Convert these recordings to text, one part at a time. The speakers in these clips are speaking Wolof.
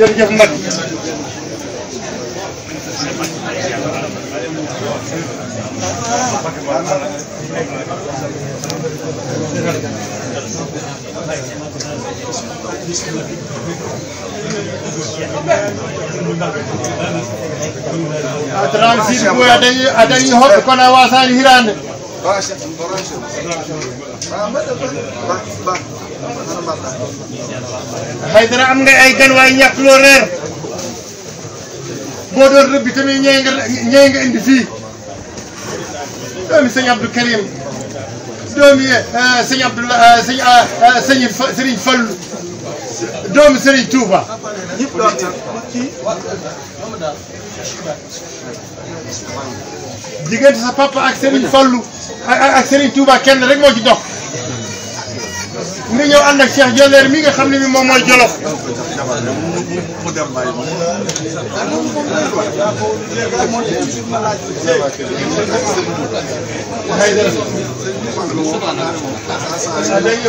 jirgin mai a transit ko a dan yi hoɗa hiran ba a shi Haydara am nga ay gan waaye ñàkk loo reer boo doon rëbbi tamit ñee nga ñee nga indi fii doomi sëñ Abdou Karim doomi eh, eh, sëñ Abdoulaye eh, sëñ sëñ Sëriñ Fallu doomi Sëriñ Touba. diggante sa papa ak Sëriñ Fallu ak Sëriñ Touba kenn rek moo ci dox. nga ñëw ànd ak Cheikh Joleer mi nga xam ne bi moom mooy Jolof. waaw léegi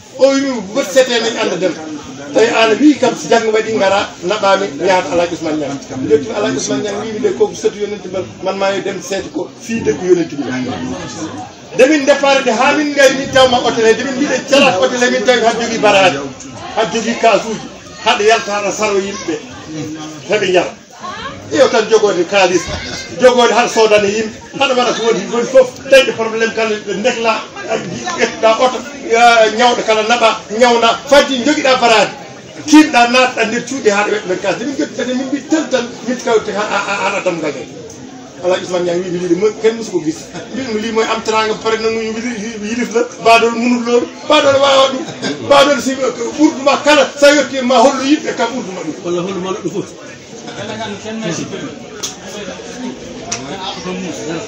oyin bu setee nañ ànd dem tey ànd bii kam si jàng ba di ngara nabaami ñaata alaaj Ousmane Niang lépp alaaj Ousmane Niang mii mi de kooku sëtu yonent ba man maa ngi dem seeti ko fii dëkk yonent bi demin defaarede haa min ngay min tawma otele demin mbiɗe calat otele min tawi haɗa jogii baraade haɗa jogii kasuuji haɗa yaltaana saro yimɓe heɓe njara ƴeew tan jogoode kaalis jogoode haɗa soodana yimɓe haɗa waɗa ko woni woni fof dañɗo probléme kala ndekla ƴettuɗa oto ñawɗo kala naɓa ñawna faddi jogiɗa barade kiinɗa naatɗa nder cuuɗi haɗa weɗɗoɗ kaas demin gettitati min mbi tel tan min kawte haɗa dam gañe ala usmane ñaami wimi liide moy ken musuko gis mbiɗum limoye amtananga pare nanu yilif la mbaɗol munut lowru mbaɗol wawa ɗum mbaɗol si ɓurduma kala sa yetti ma hollu yimɓe kam ɓurduma ɗum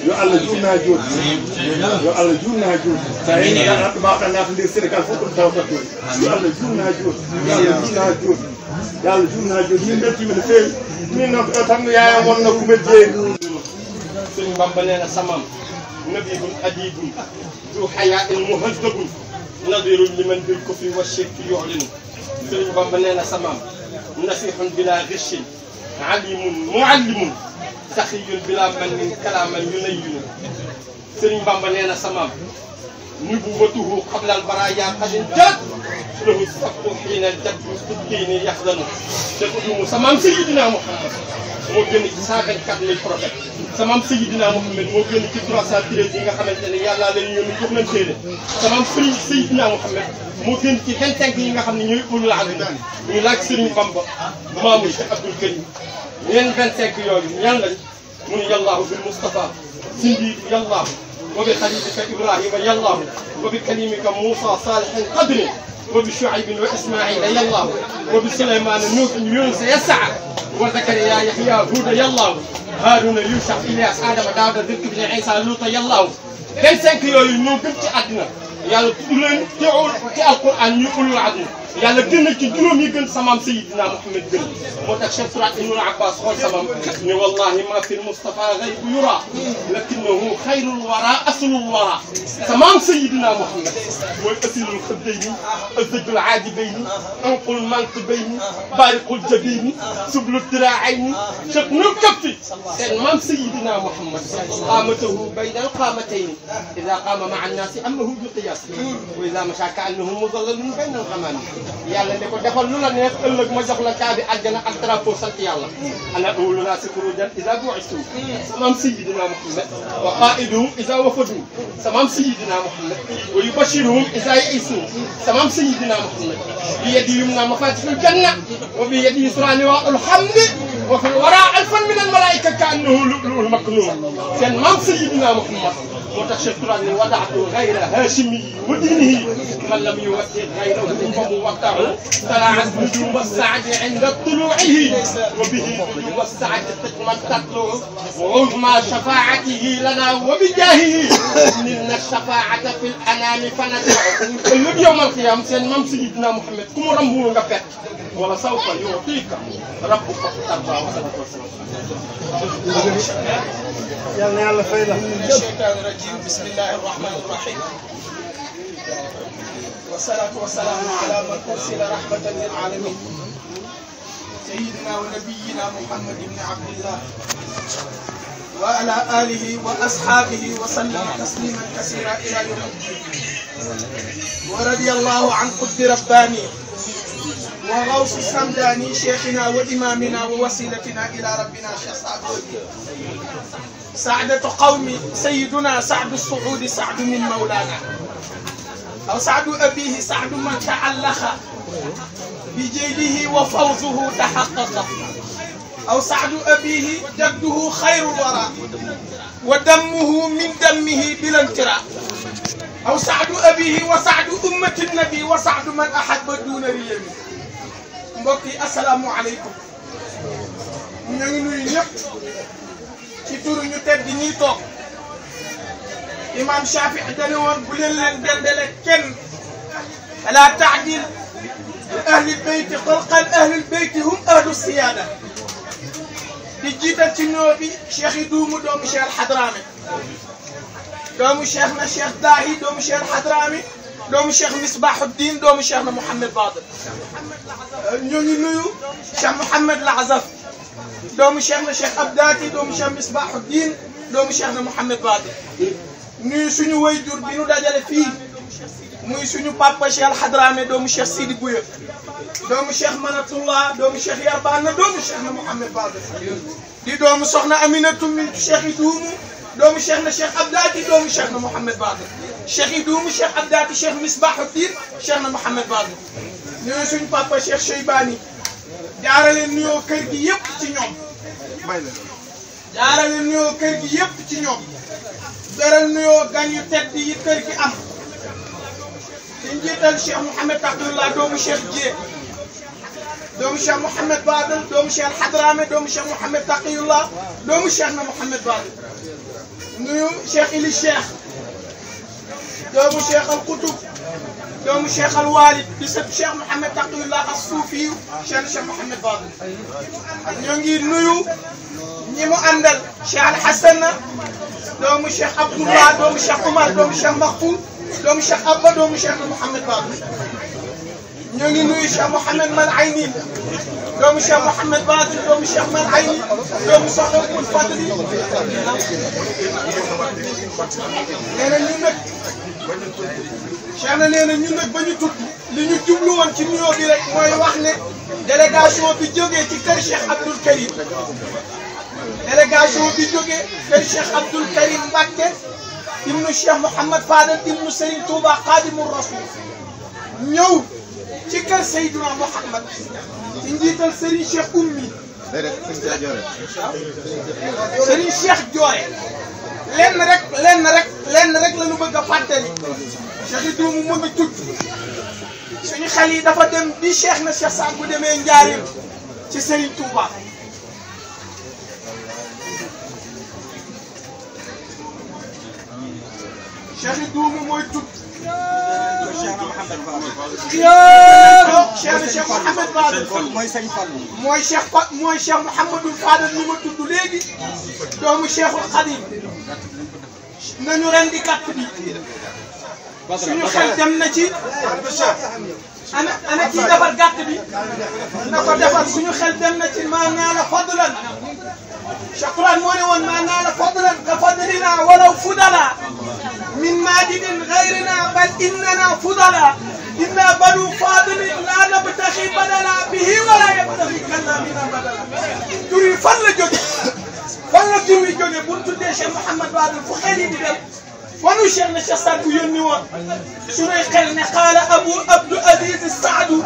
يعالجونها جود يعالجونها جود فإن ما كان في السيرك الفوق التوقيت يعالجونها جود يعالجونها جود يعالجونها جود من بيتي من فين من نتم يا ون يا سن يا سمام يا أديب يا حياء يا نظير يا بالكفر والشرك يعلن سن بامبلنا سمام نصيح بلا غش alimun muallimun saxiyun bilaa man nin kalaaman yu nay yunu sëriñ bamba nee na samaam nubuwatuhu xablal baraya xadin jaat lahu sabtu xiina jaddu tuddiini yaxdanu te ko dumu samaam sayyidina muhammad moo génn ci cent vingt quatre mille prophètes sa maam Seydina Mohamed moo génn ci trois cent treize yi nga xamante ne yàllaa lañu yónni jox nañ téere sa maam Serigne Seydina Mohamed moo génn ci vingt cinq yi nga xam ne ñooy ulul azmi ñu laaj Serigne Bamba maamu Cheikh Abdoul Karim ñeen vingt cinq yooyu ñan lañ mu ne yallaahu bil Moustapha sindi yallaahu wa bi xalifatika Ibrahima yallaahu wa bi kalimika Moussa Salihin qadri وبشعيب وإسماعيل الله وبسليمان نوح يونس يسع وزكريا يحيى هود الله هارون يوسف إلياس آدم داود ذكر بن عيسى لوط الله كان سانك يوي نو بنتي أدنى يلا تقولون تعول تي القرآن يقولوا العدل يالا جن سي جوم يي گن سامام سيدنا محمد گن موتاك شيخ سرات ابن عباس خو سامام ني والله ما في المصطفى غيب يرى لكنه خير الورى اصل الورى سامام سيدنا محمد موي اصل الخديبي الزج العاجبين انقل المنك بين بارق الجبين سبل الذراعين شق نور كفي سامام سيدنا محمد قامته بين القامتين اذا قام مع الناس امه بقياس واذا مشى كانه مظلل بين القمامين yàlla ne ko defal lu la neex ëllëg ma jox la kaa bi àjjana ak drapeau sant yàlla ana awluna sikrujan isa bu'istu samaam sayyidina muhammad wa qaiduhum isa wafadu samaam sayyidina muhammad wa yubashiruhum isa yaisu samaam sayyidina muhammad bi yadi yumna mafatihul janna wa bi yadi yusra liwaa'ul hamdi wa fil wara alfan min al malaa'ika ka annahu lu'lu'un maknun seen maam sayyidina muhammad وتشكرا ودعت غير هاشمي ودينه من لم يودع غيره فمودع طلعت نجوم السعد عند طلوعه وبه نجوم السعد تكمن تطلع وعظمى شفاعته لنا وبجاهه نلنا الشفاعة في الأنام فنجمع يوم القيامة سيدنا محمد كم رمبو غفت ولسوف يعطيك ربك فترضى وصدق يلا يلا فايدة. الشيطان الرجيم بسم الله الرحمن الرحيم. والصلاة والسلام على من أرسل رحمة للعالمين. سيدنا ونبينا محمد بن عبد الله وعلى آله وأصحابه وسلم تسليما كثيرا إلى يوم الدين ورضي الله عن قد رباني وغوث السمداني شيخنا وإمامنا ووسيلتنا إلى ربنا شيخ سعد سعدة قومي سيدنا سعد الصعود سعد من مولانا أو سعد أبيه سعد من تعلق بجيده وفوزه تحقق أو سعد أبيه جده خير الورى ودمه من دمه بلا انتراء أو سعد أبيه وسعد أمة النبي وسعد من أحب دون ريمه mbokk yi asalaamualeykum ñu ngi nuyu ñëpp ci turu ñu tedd ñuy toog imam Shafi dane woon bu leen leen dendale kenn ala taadil li ahlil beyti xolqan ahlil beyti hum ahlu siyaada di jiital ci noo bi cheikh yi duumu doomu cheikh Hadrami doomu cheikh na cheikh Dahi doomu cheikh Hadrami دوم الشيخ مصباح الدين دوم الشيخ محمد بادر نيو نيو شيخ محمد العزف دوم الشيخ الشيخ ابداتي دوم الشيخ مصباح الدين دوم الشيخ محمد بادر نيو سونو ويدور بي نو داجال في موي سونو بابا شيخ الحضرامي دوم الشيخ سيدي بويه دوم الشيخ منات الله دوم الشيخ يربانا دوم الشيخ محمد بادر دي دوم سخنا امينه تومي شيخي تومو دوم شيخنا شيخ عبداتي دوم شيخنا محمد باقر شيخ يدوم شيخ عبداتي شيخ مصباح الدين شيخنا محمد باقر نيو سون بابا شيخ شيباني دارال نيو كيرغي ييب تي نيوم دارال نيو كيرغي ييب تي نيوم دارال نيو غانيو تيد يي كيرغي ام نجيتال شيخ محمد تقي الله دوم شيخ جي دوم شيخ محمد بادل دوم شيخ الحضرامي دوم شيخ محمد تقي الله دوم شيخنا محمد بادل nuyu cheikh ili cheikh doomu cheikh al Qutub doomu cheikh al Walid di sëb cheikh Mouhamed Taqiyullah as Suufi cheikh cheikh Mouhamed Fadil ak ñoo ngi nuyu ñi mu àndal cheikh al Hasan doomu cheikh Abdullah doomu cheikh Oumar doomu cheikh Mahfoud doomu cheikh Abba doomu cheikh Mouhamed Fadil ñoo ngi nuyu Cheikh Mouhamed Mal Ayni doomu Cheikh Mouhamed Badou doomu Cheikh Mal Ayni doomu soxna Koul Fadli nee na ñun nag Cheikh na nee na ñun nag ba ñu tudd li ñu jublu woon ci nuyoo bi rek mooy wax ne délégation bi jógee ci kër Cheikh Abdoul Karim délégation bi jógee kër Cheikh Abdoul Karim Mbacké ibnu Cheikh Mouhamed Fadel ibnu Serigne Touba Khadimou Rasoul ñëw ci kër Seydina Mouhamad ci njiital Serigne Cheikh Oumy. déedéet Serigne Cheikh Dioré. Serigne lenn rek lenn rek lenn rek la ñu bëgg a fàttali. Cheikh Ibrahima mu tudd suñu xel yi dafa dem di Cheikh na Cheikh Sall bu demee Njaareem ci Serigne Touba. Cheikh Ibrahima mooy tudd. yéen Cheikh Mouhamed Fadel mooy sëñ Fallou mooy Cheikh Pa mooy Cheikh Mouhamadou Fadel mi ma tudd léegi doomu Cheikhul Khadim nañu rendi gàtt bi suñu xel dem na ci ana ana kii defar gàtt bi na ko defar suñu xel dem na ci maa naa la fadlan Cheikh Quran moo ne woon maa naa la fadlan ka fadlina walaw fudala من مادن غيرنا بل إننا فضلا إنا بنو فاضل لا نبتغي بدلا به ولا يبتغي كلا منا بدلا تري فل جد فل تري جد بنت ديش محمد بعد الفخيلي بدل ونو شيخ نشستان بيونيو شريخ قال أبو عبد أزيز السعد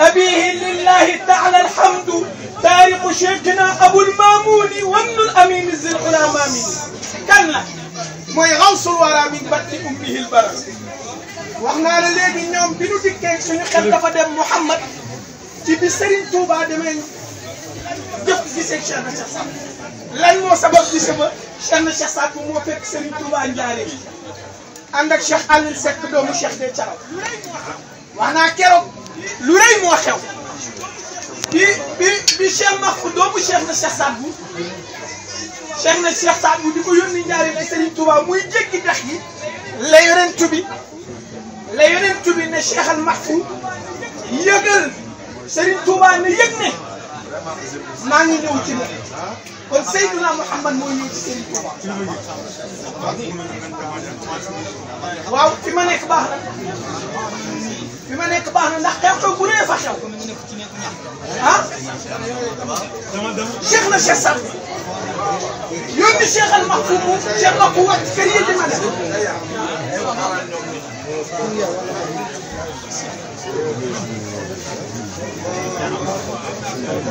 أبيه لله تعالى الحمد تاريخ شيخنا أبو المامون ون الأمين الزلعلى مامين كلا mooy xawsul wara min batti ummihil bara wax naa la léegi ñoom bi nu dikkee suñu xel dafa dem Mouhamad ci bi Serigne Touba demee jëf gisee Cheikh na Cheikh Saad lan moo sabab gise ba Cheikh na Cheikh Saad bu moo fekk Serigne Touba Ndiaye ànd ak Cheikh Alioune Seck doomu Cheikh de Thiaw wax naa keroog lu rëy moo xew bi bi bi Cheikh Mahfou doomu Cheikh na Cheikh Saad bu Cheikh na Cheikh Saad bu di ko yónni njaareel ci Serigne Touba muy jéggi dex gi la yonent bi la yonent bi ne Cheikh al Mahfouz yëgal Serigne Touba ne yëg ne. maa ngi ñëw ci moom kon Seydina Mouhamad mooy ñëw ci Serigne Touba waaw fi ma nekk baax na fi ma nekk baax na ndax xew-xew bu rëy fa xew ah Cheikh na Cheikh Sarr yónni Cheikh al Mahfoum Cheikh Mahfoum wax kër yi dina def Thank you. مريم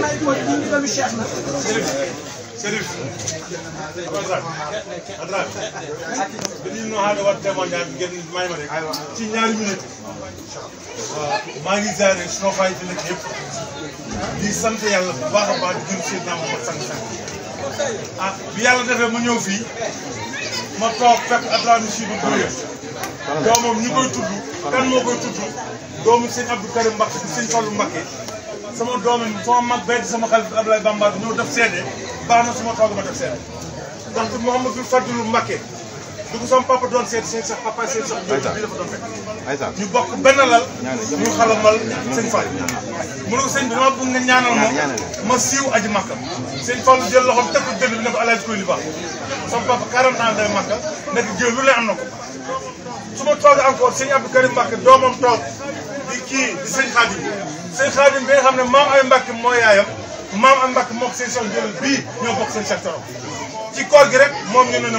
ما يكون ديني بمشي احمد شريف أدراك أدراك بدي إنه هذا وقت ما جاب جن ما يمرك تيجي نعمل ما يزال شنو خايف لك يبقى di sant yàlla bu baax a baax di jël seen naam ma sant ah bi yàlla defee ma ñëw fii ma toog fekk Abdoulaye Moussa Diouf Guèye doomam ñu koy tudd kan moo koy tudd doomu sëñ Abdou Karim Mbacke di sëñ Fallou Mbacke sama doomam sama mag bee di sama xarit Abdoulaye Bamba ñëw def seede baax na su ma toog ma def seede ndaxte Mouhamadou Fadilou Mbacke. du ko sama papa doon seet seet sax papa seet sax. ayza bii dafa doon fekk. ayza ñu bokk benn lal. ñu ne ko sëñ bi dama nga ñaanal ma ma siiw aji Makka. sëñ Fall jël loxoom teg ko maam ay Mbacke mooy yaayam maam ay Mbacke moom seen soxna jëlal bii ñoo bokk seen secteur ci koor gi rek moom ñu ne ne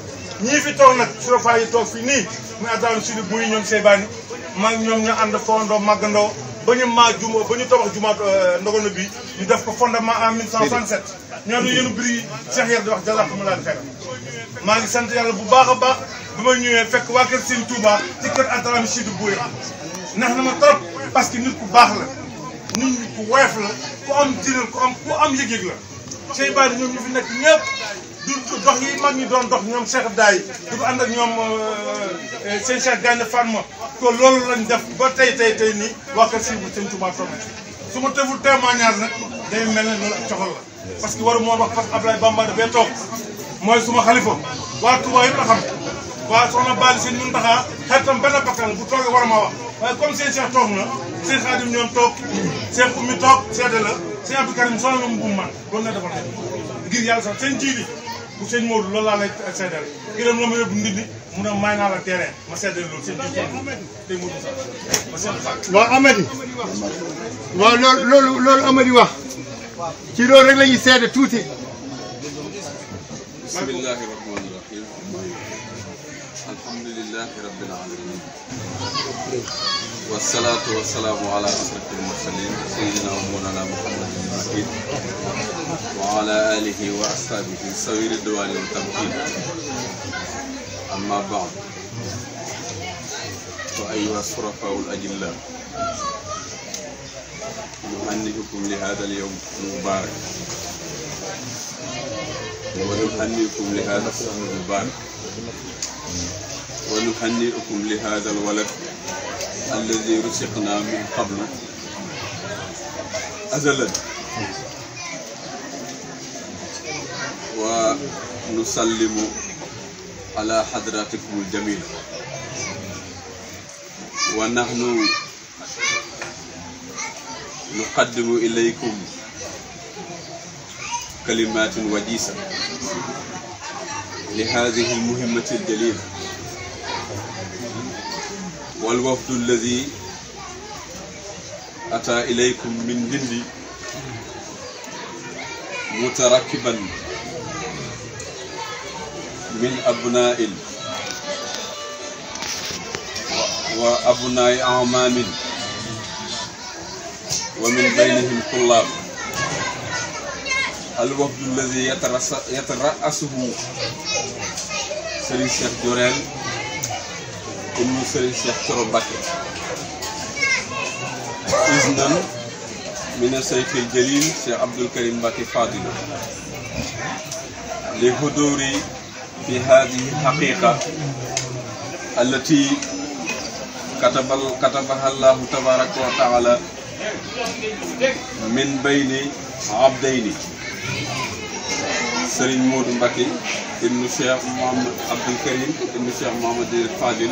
ñii fi toog nag surafaa yi toog fii nii muy addaalu sudi buy ñoom seybaani mag ñoom ñu ànd foondoo màggandoo ba ñu maa juma ba ñu tabax jumaat euh, ndogono bi ñu def ko fondement en 1967 ñoo ne yéen biri Cheikh Yar di wax jazakum laa xayra maa ngi sant yàlla bu baax a baax bi ma ñëwee fekk waa kër Sëñ Touba ci kër addaalu sudi buy neex na ma trop parce que nit ku baax la nit ku woyof la ku am diinal ku ku am yëg-yëg la seybaani ñoom ñu fi nekk ñëpp du dox yi mag ñi doon dox ñoom Cheikh Abdoulaye du ko ànd ak ñoom euh, euh, seen Cheikh Gaynde Fatma ko loolu lañ def ba su ma tëful témoignage nag day mel ne loolu ak coxal la parce que waru moo wax parce que Abdoulaye Bamba dafay toog mooy suma xalifa waa Touba yëpp la xam waa soxna Bali seen mun taxaa xaritam benn bakkan bu toogee war ma wax waaye comme seen Cheikh toog na seen Xaadim ñoom toog seen Oumy toog seede la seen Abdou Karim soxna mu buum man loolu na defal ngir yàlla sax seen ji bu sëñ Modou loolu laa lay seedal Iram la ma yóbbu nit ñi mu ne may naa la terrain ma seedal loolu sëñ Diouf tey Modou sax loolu Amady waaw loolu loolu loolu Amady wax ci loolu rek la ñuy seede tuuti. bismillahi rahmani rahim alhamdulilahi rabbil alamin wasalaatu wasalaamu ala asrafil mursalin sayyidina wa mawlana وعلى آله وأصحابه سوير الدوال والتمكين أما بعد فأيها الصرفاء الأجلاء نهنئكم لهذا اليوم المبارك ونهنئكم لهذا الشهر المبارك ونهنئكم لهذا الولد الذي رزقنا من قبل أزلا ونسلم على حضراتكم الجميل ونحن نقدم إليكم كلمات وجيسة لهذه المهمة الجليلة والوفد الذي أتى إليكم من هندي متركبا من أبناء وأبناء أعمام ومن بينهم طلاب الوفد الذي يترأسه سري الشيخ جوريل أم سري الشيخ كرو بكر إذنا من الشيخ الجليل شيخ عبد الكريم بكر فاضل لحضور بهذه الحقيقة التي كتب كتبها الله تبارك وتعالى من بين عبدين سرين مود مباكي ابن الشيخ محمد عبد الكريم ابن الشيخ محمد الفاضل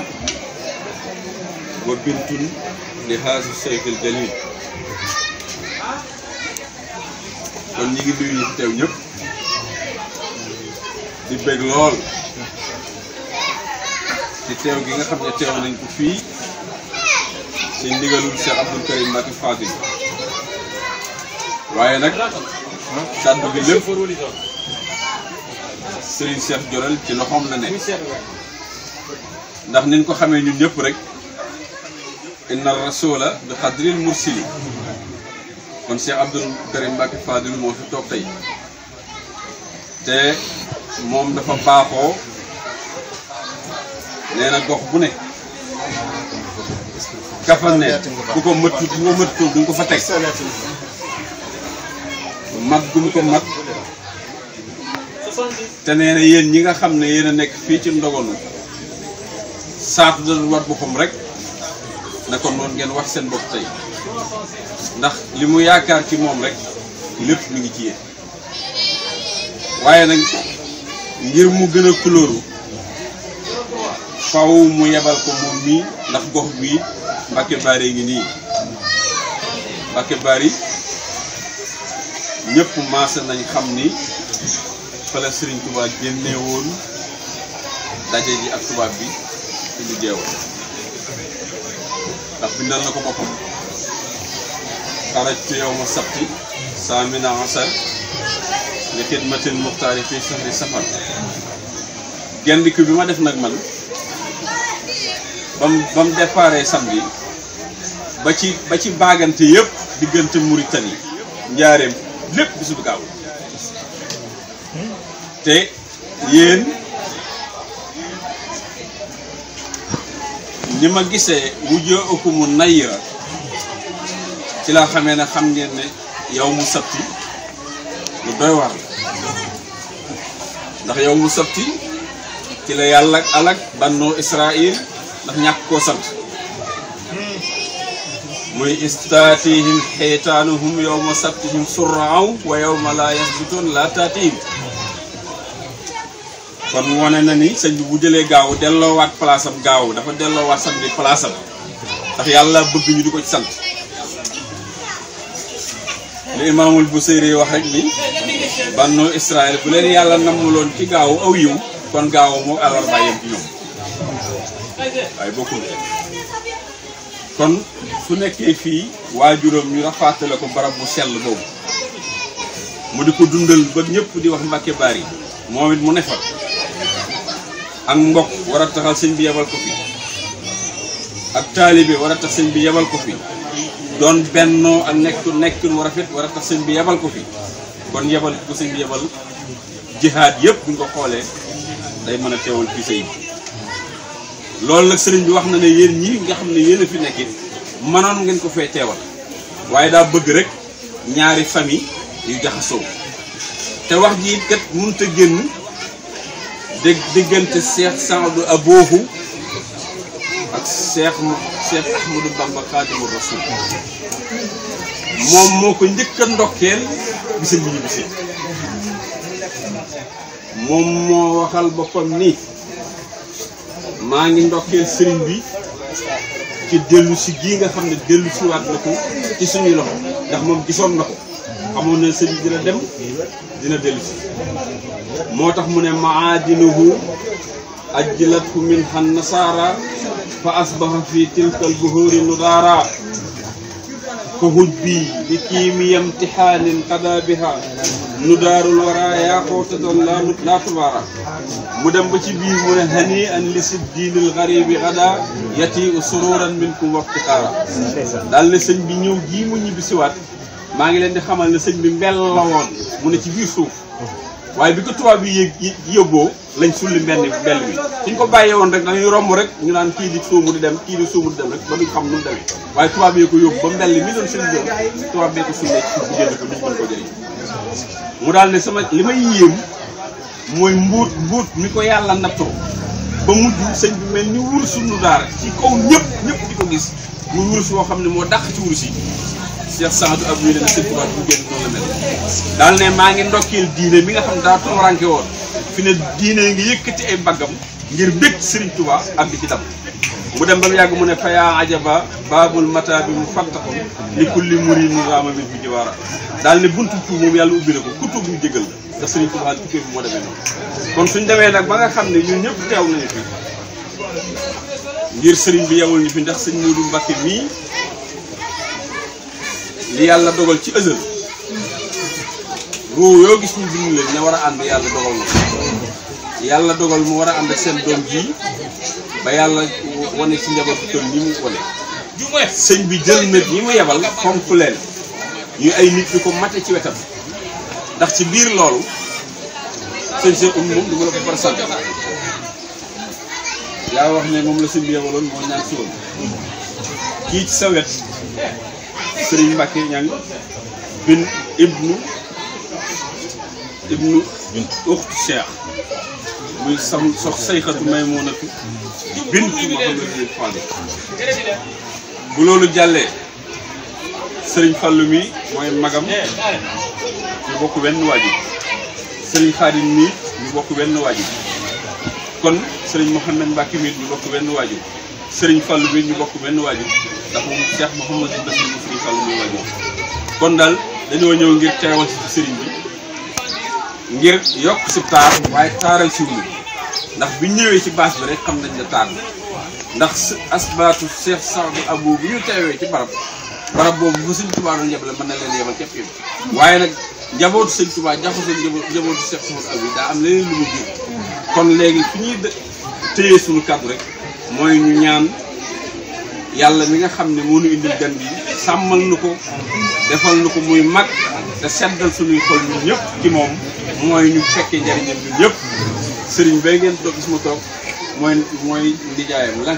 وبنت لهذا الشيخ الجليل كون نيغي di lool ci teew gi nga xam ne teew nañ ko fii ci ndigalul Cheikh Abdoul Karim Mbacké Fadil waaye nag kàddu gi lépp Serigne Cheikh Jorel ci loxoom la ne ndax niñ ko xamee ñun ñëpp rek inna rasula bi xadril mursili kon Cheikh Abdoul Karim Mbacké Fadil moo fi toog te moom dafa baaxoo nee na gox bu ne ka fa ne bu ko mët bu ko mëttul du ko fa teg mag gum ko mag te nee na yéen ñi nga xam ne yéen a nekk fii ci ndogonu saatu da war boppam rek na ko noonu ngeen wax seen bopp tey ndax li mu yaakaar ci moom rek lépp lu ngi ci yéen waaye nag ngir mu gën a kulóoru faw mu yebal ko moom mii ndax gox bii Mbàkke Baari ngi nii Mbàkke Baari ñëpp maasa nañ xam ni fa la Sëriñ woon daje ji ak tubaab bi ci lu jeewal ndax bindal na ko boppam xarajtu yow ma sabti saa mina li xidmatil muxtaari fii safari safar def nag man bam ba mu ba ci ba ci baagante yëpp diggante Mauritanie njaareem lépp bisu bu te yéen ni ma gisee wujjoo ëkku mu nayra ci laa xamee ne xam ngeen ne yow mu sabti lu doy waar ndax yow mu sabti ci la yàlla ak alak bannoo israil ndax ñàkk koo sant muy istaatihim xeytaanuhum yowma sabtihim surraaw wa yowma laa yasbituun laa taatihim kon wane na ni sëñ bu jële gaaw delloowaat place am gaaw dafa delloowaat sant bi place am ndax yàlla bëgg ñu di ko ci sant li imaamul Buseyri wax rek ni bannoo Israël bu leen yàlla nammuloon ci gaawu aw yiw kon gaawu moom àllarba yem ci ñoom waaye bokkul kon su nekkee fii waa waajuram ñu rafaatale ko barab bu sell boobu mu di ko dundal ba ñépp di wax Mbàkke Bari moom it mu ne fa ak mbokk war a taxal sëñ bi yebal ko fi ak taalibe war tax sëñ bi yebal ko fi doon bennoo ak nekk nekkin wu rafet war tax sëñ bi yebal ko fi kon yebal ku sëñ yebal jihaad yëpp bu ñu ko xoolee day mën a teewal fii sëñ bi loolu nag sëriñ bi wax na ne yéen ñii nga xam ne yéen a fi nekk it mënoon ngeen ko fee teewal waaye daa bëgg rek ñaari famille yu jaxasoo te wax ji it kat mënut a génn dé diggante Cheikh Saadu Aboohu ak Cheikh Cheikh Ahmadou Bamba Xaadimu Rasuul moom moo ko njëkk a ndokkeel bisam bi ñu bisee moom moo waxal boppam ni maa ngi ndokkeel sëriñ bi ci dellu si gii nga xam ne dellu si waat na ko ci suñuy loxo ndax moom gisoon na ko xamoon na sëriñ dina dem dina dellu si moo tax mu ne maadinuhu ajjilathu min xan nasaara fa asbaha fi tilkal buhuri nudaara كهجبي بكيمي امتحان قضى بها ندار الورى يا قوتة الله لا تبارك مدم بتبي من هنيئا لسدين الغريب غدا يتي سرورا منكم وافتقارا دال لسن بي نيو جي مو نيبسي وات ماغي لين دي خمال لسن بي مبل لا وون mu ne ci biir suuf waaye bi ko tubaab yi yëg yóbboo lañ sulli mbenn mbell bi suñ ko bàyyee woon rek dañuy romb rek ñu naan kii di suumu di dem kii di suumu di dem rek ba ko yóbbu ba mbell mi doon ko sullee ci suuf bu génn ko duñ mu daal sama li may yéem mooy mbuut mbuut mi ko yàlla nattoo ba mujj sëñ bi mel ni wursu nu daara ci kaw ñëpp ñëpp di ko gis muy wurus woo xam ne moo dàq ci wurus yi Cheikh Saadu ab wii ne na sëñ bu génn noonu mel daal ne maa ngi ndokkeel diine mi nga xam daa tumuranke woon fi ne diine ngi yëkkati ay mbaggam ngir bég Sëriñ Tuubaa ak di ci dam mu dem ba mu yàgg mu ne fayaa ajaba baabul mata bi mu fattaxul li kulli muri mu raama bi bu jiwaara daal ne buntu tuub yàlla ubbi na ko ku tuub ñu jégal la ndax Sëriñ bi moo demee noonu kon suñ demee nag ba nga xam ne ñun ñëpp teew nañu fi ngir sëriñ bi yewul ñu sëñ Moodu Mbàkke yàlla dogal ci ëllëg ruu yoo gis ñu bind leen war a ànd yàlla dogal la yàlla dogal mu war a ànd seen doom ji ba yàlla wane ci njaboot bi ni mu wane sëñ bi jël nit ñi mu yebal fonk leen ñu ay nit ñu ko mate ci wetam ndax ci biir loolu sëñ seen um moom du ma la ko far sant yaa wax ne moom la sëñ bi yebaloon moo ñaan ci woon kii ci sa wet Serigne Mbacke Niang bin ibnu ibnu est Cheikh muy sam bintu bin bu Sering Serigne Fallou mi moy magam ñu bokku benn waji Serigne Khadim mi ñu bokku benn waji kon Serigne mi Serigne Cheikh sàkkal muy way moom kon daal dañoo ñëw ngir teewal si sëriñ bi ngir yokk si taar waaye taaral si wuñu ndax bi ñëwee ci baas bi rek xam nañ ne taar na ndax asbaatu Cheikh Saadu Abou bu ñu teewee ci barab barab boobu bu sëñ Tuubaa doon yebale mën na leen yebal képp képp waaye nag njabootu sëñ Tuubaa jaxu sëñ njabootu Cheikh Saadu Abou daa am leneen lu mu jur kon léegi fi ñuy téye suñu kàddu rek mooy ñu ñaan yàlla mi nga xam ne moo nu indil gan sàmmal nu ko defal nu ko muy mag te seddal suñuy xol ñun ñëpp ci moom mooy ñu fekkee njariñam ñun ñëpp sëriñ bay ngeen toog gis ma toog mooy mooy ndijaayam la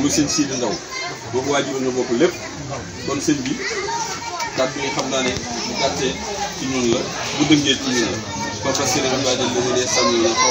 muy sëñ Sidi Ndaw boobu waajuroon na bopp lépp kon sëñ bi kàddu yi xam naa ne bu gàttee ci ñun la bu dëngee ci ñun la kon parce que li nga xam ne dañu dee sàmm yi xaw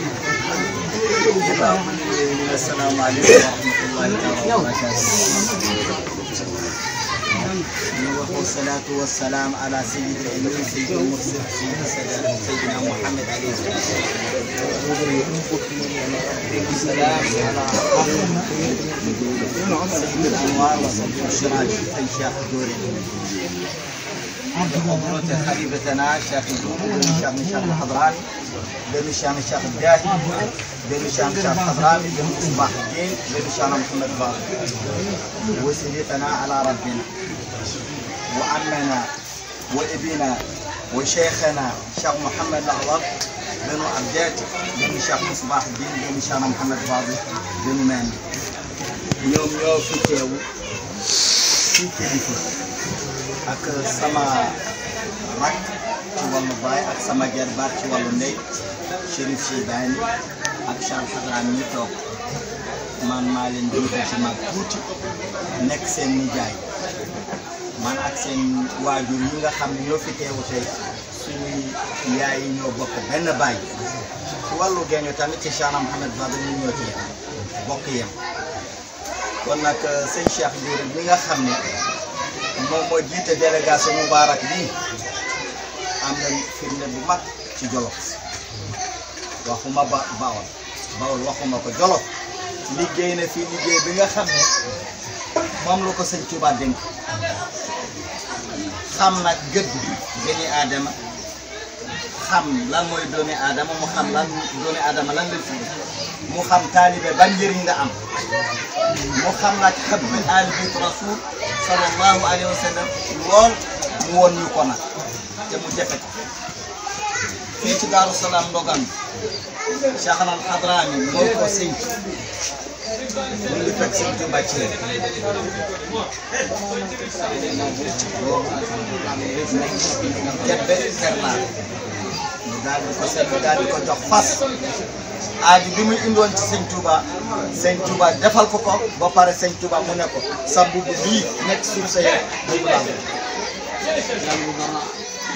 السلام عليكم ورحمة الله وبركاته والصلاة والسلام على سيد الأمين سيد المرسل سيدنا سيدنا محمد عليه الصلاة والسلام على سيد الأنوار وصدر الشرائع الشيخ دوري حضرة خليفتنا الشيخ الزهري بن هشام بن شيخ الحضراني بن هشام الشيخ الداتي بن هشام الشيخ الحضراني بن صباح الدين بن هشام محمد باقر وسليتنا على ربنا وعمنا وابينا وشيخنا الشيخ محمد الأعظم بن عبدات بن الشيخ صباح الدين بن الشيخ محمد فاضل بن ماني يوم يوم في تاو في تنفس ak sama rakk ci wàllu baay ak sama jarbaat ci wàllu ndey Chérif Cheybani ak Charles Hadran ñi toog man maa leen jiite ci mag tuuti nekk seen nijaay man ak seen waajur yi nga xam ne ñoo fi teewu tey suñuy yaay yi ñoo bokk benn baay ci wàllu génn tamit ci Cheikh Mouhamed Fadel ñu ñoo ci bokk yem kon nag sëñ Cheikh Ndiir mi nga xam ne. moom moo jiite délégation Moubarak bi am na firnde bu mag ci Jolof waxuma ba Bawol Bawol waxuma ko Jolof liggéey na fii liggéey bi nga xam ne moom la ko sëñ Tuubaa dénk xam nag gëdd gëni aadama xam lan mooy doomi aadama mu xam lan doomi aadama lan la tudd mu xam taalibe ban njëriñ nga am mu xam nag xëpp aal beyt rasul sallallahu alayhi wa sallam lool mu woon ñu ko nag te mu jafe fii ci Daaru Salaam ndogan Cheikh Al mu ngi fekk sëñ Touba ci leen mu daal ko seetlu daal di ko jox fas aaji bi muy indoon ci sëñ Touba sëñ Touba defal ko ko ba pare sëñ Touba mu ne ko sa mbubu bii nekk suuf sa yëpp mbubu laa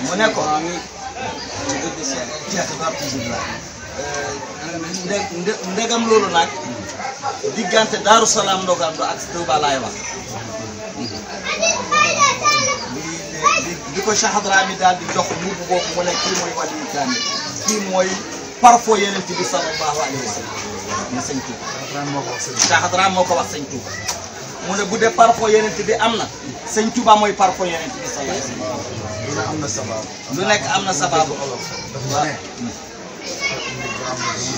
mu ne ko nde ndegam loolu nag diggante Daaru Salaam Ndogandu ak Touba laay wax li ko Cheikh Hadrami daal di jox mbubu boobu mu ne kii mooy wàllu kii mooy parfo yonent bi sallallahu alayhi wa sallam mu sëñ moo ko wax sëñ Touba. mu ne bu dee parfo yonent bi am na sañ Touba mooy parfo yonent bi sallallahu alayhi wa sallam. am na sababu. lu nekk am na sababu.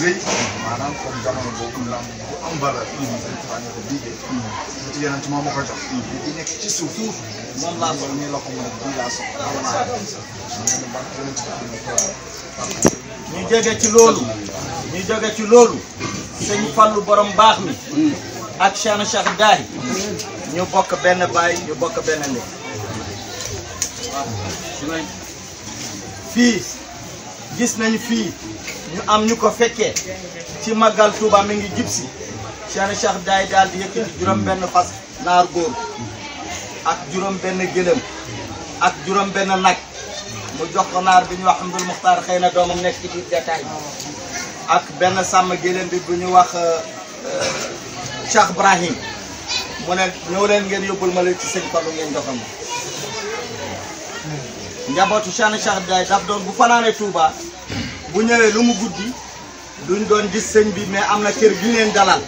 maanaam comme jamono boobu lamb bu am valeur. Mm. sëñ Touba ci mm. yonent moom moo ko jox. Mm. ci ñu jóge ci loolu ñu jóge ci loolu sëñ Fallu boroom baax mi ak Cheikhna Cheikh Daay ñu bokk benn baay ñu bokk benn ndey fii gis nañ fii ñu am ñu ko fekkee ci màggal Touba mi ngi jib si Cheikhna day Daay daal di yëkkati juróom benn fas naar góor ak juróom benn gëlëm ak juróom benn nag مجوخنار بني واخ عبد المختار خينا دوم نيك في بير جاتاي اك بن سام جيلن دي بني واخ آه، شيخ ابراهيم مون نيولن نين يوبول مالي سي سيغ فالو نين دوخام نجاباتو شان شيخ داي داف دون بو فنانه توبا بو نيوي لومو غودي دون دون جيس سيغ بي مي امنا كير بي نين دالال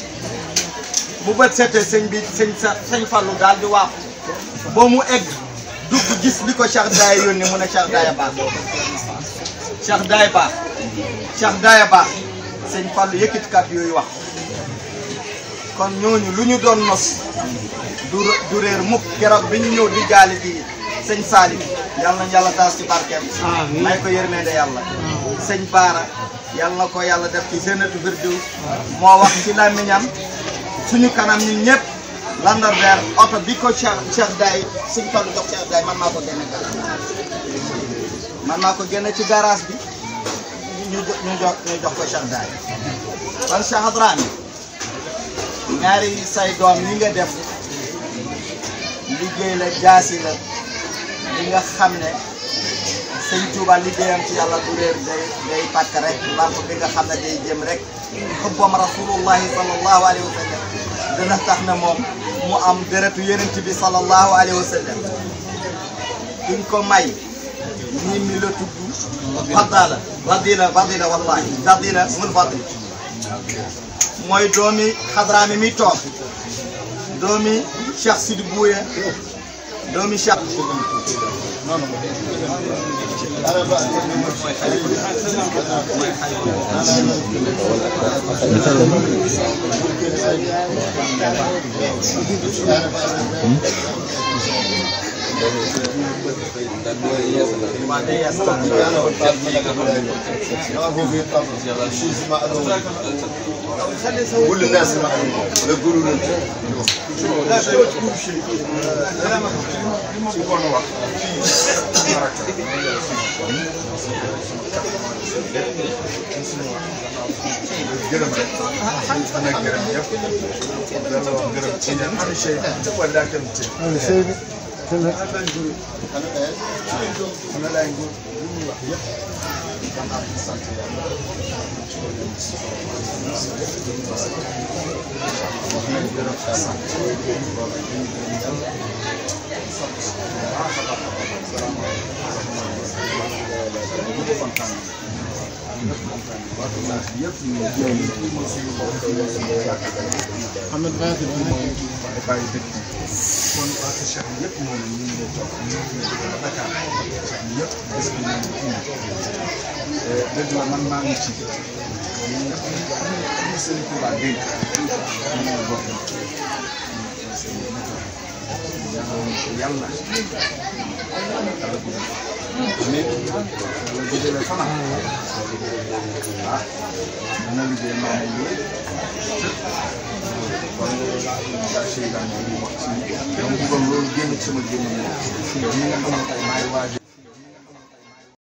بو بات سيتي سيغ بي سيغ سيغ فالو دال دي واخ بومو ايغ dugg gis li ko Cheikh Daaya yónnee mu ne Cheikh Daaya baax Cheikh Daaya baax Cheikh Daaya baax sëñ Fall yëkkati kàddu yooyu wax kon ñooñu lu ñu doon nos du du réer mukk keroog bi ñu ñëw di jaali fii sëñ Salim yàlla na yàlla taas ci barkeem may ko yërmande yàlla sëñ Baara yàlla na ko yàlla def ci jënatu virdu moo wax ci làmmiñam suñu kanam ñun ñëpp Landor oto bi ko Cheikh Cheikh Ndiaye suñu toll jox Cheikh Ndiaye man maa ko génne ci garage bi ñu jox ñu jox ko Cheikh Ndiaye kon Cheikh ñaari say doom yi nga def liggéey la jaasi la li nga xam ne sëñ Touba liggéeyam ci yàlla du réer day day pàkk rek lamp bi nga xam ne day jëm rek xubbam rasulullahi sallallahu alayhi wa dana tax na moom. mu am deretu yonent bi sallallahu alayhi wa sallam duñ ko may nii mi la tudd fadala fadila fadila wallahi fadila mun fadil mooy doomi xadraami mi toog doomi Cheikh Sidi Bouye doomi Cheikh وبعدين يا سلام كل الناس معلومه ولا تقولوا لنا لا شنو تقول شيء لا ما شوفوا انا واحد في حركه انا قرم انا قرم انا شيء ولا كنت انا شيء انا لا نقول انا لا نقول محمد غازي kon waa Kër Cheikh yëpp moo ne ñu ngi lay toog ñu ngi lay toog ba Dakar ñëpp gis nañ leen di indi dëgg la man maa ngi ci ñu ngi am seen Tuubaa dégg ñu ngi bokk seen yàlla yàlla liggéey sama ah dana liggéey noonu yooyu kon seytaan bi wax si dama bëggoon loolu génn ci sama génn ñi nga xamante ne maay waaj